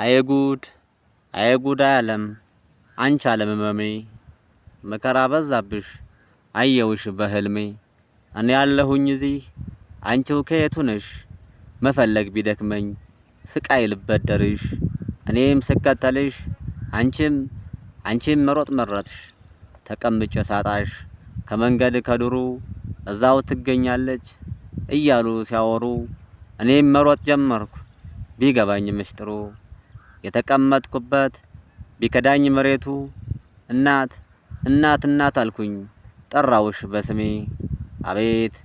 አየጉድ አየጉድ አያለም አንቺ አለም ህመሜ መከራ በዛብሽ አየውሽ በህልሜ እኔ ያለሁኝ እዚህ አንቺው ከየቱ ነሽ? መፈለግ ቢደክመኝ ስቃይ ልበደርሽ እኔም ስከተልሽ አንቺም አንቺም መሮጥ መረጥሽ ተቀምጭ ሳጣሽ ከመንገድ ከዱሩ እዛው ትገኛለች እያሉ ሲያወሩ እኔም መሮጥ ጀመርኩ ቢገባኝ ምስጢሩ የተቀመጥኩበት ቢከዳኝ መሬቱ እናት እናት እናት አልኩኝ ጠራውሽ በስሜ አቤት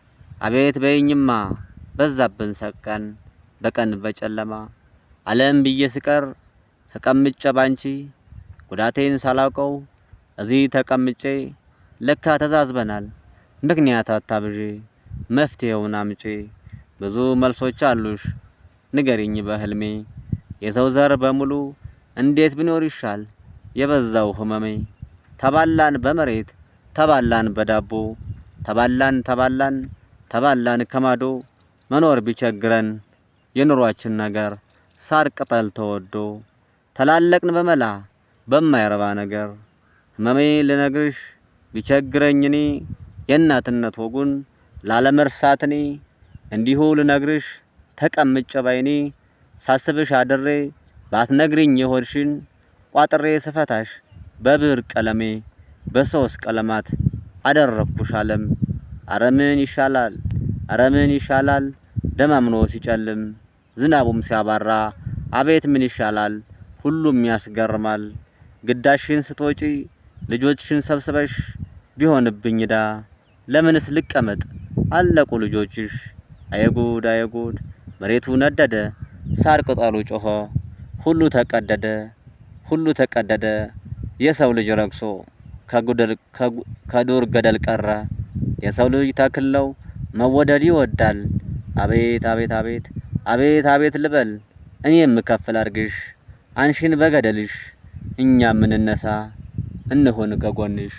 አቤት በይኝማ በዛብን ሰቀን በቀን በጨለማ ዓለም ብዬ ስቀር ባንቺ ጉዳቴን ሳላውቀው እዚህ ተቀምጬ ለካ ተዛዝበናል ምክንያት አታብዤ መፍትሄውን አምጪ ብዙ መልሶች አሉሽ ንገሪኝ በህልሜ የሰው ዘር በሙሉ እንዴት ቢኖር ይሻል የበዛው ህመሜ? ተባላን በመሬት ተባላን በዳቦ ተባላን ተባላን ተባላን ከማዶ መኖር ቢቸግረን የኑሯችን ነገር ሳር ቅጠል ተወዶ ተላለቅን በመላ በማይረባ ነገር ህመሜ ልነግርሽ ቢቸግረኝ እኔ የእናትነት ወጉን ላለመርሳት እኔ እንዲሁ ልነግርሽ ተቀምጨ ባይኔ ሳስብሽ አድሬ ባትነግሪኝ የሆድሽን ቋጥሬ ስፈታሽ በብር ቀለሜ በሶስት ቀለማት አደረኩሽ አለም አረምን ይሻላል አረምን ይሻላል ደማምኖ ሲጨልም ዝናቡም ሲያባራ አቤት ምን ይሻላል ሁሉም ያስገርማል ግዳሽን ስትወጪ ልጆችሽን ሰብስበሽ ቢሆንብኝ ዳ ለምንስ ልቀመጥ አለቁ ልጆችሽ አየጉድ አየጉድ መሬቱ ነደደ ሳር ቅጠሉ ጮኸ፣ ሁሉ ተቀደደ፣ ሁሉ ተቀደደ። የሰው ልጅ ረክሶ ከዱር ገደል ቀረ። የሰው ልጅ ተክለው መወደድ ይወዳል። አቤት አቤት አቤት አቤት አቤት ልበል እኔ የምከፍል አርግሽ አንሺን በገደልሽ እኛ ምንነሳ እንሆን ከጎንሽ።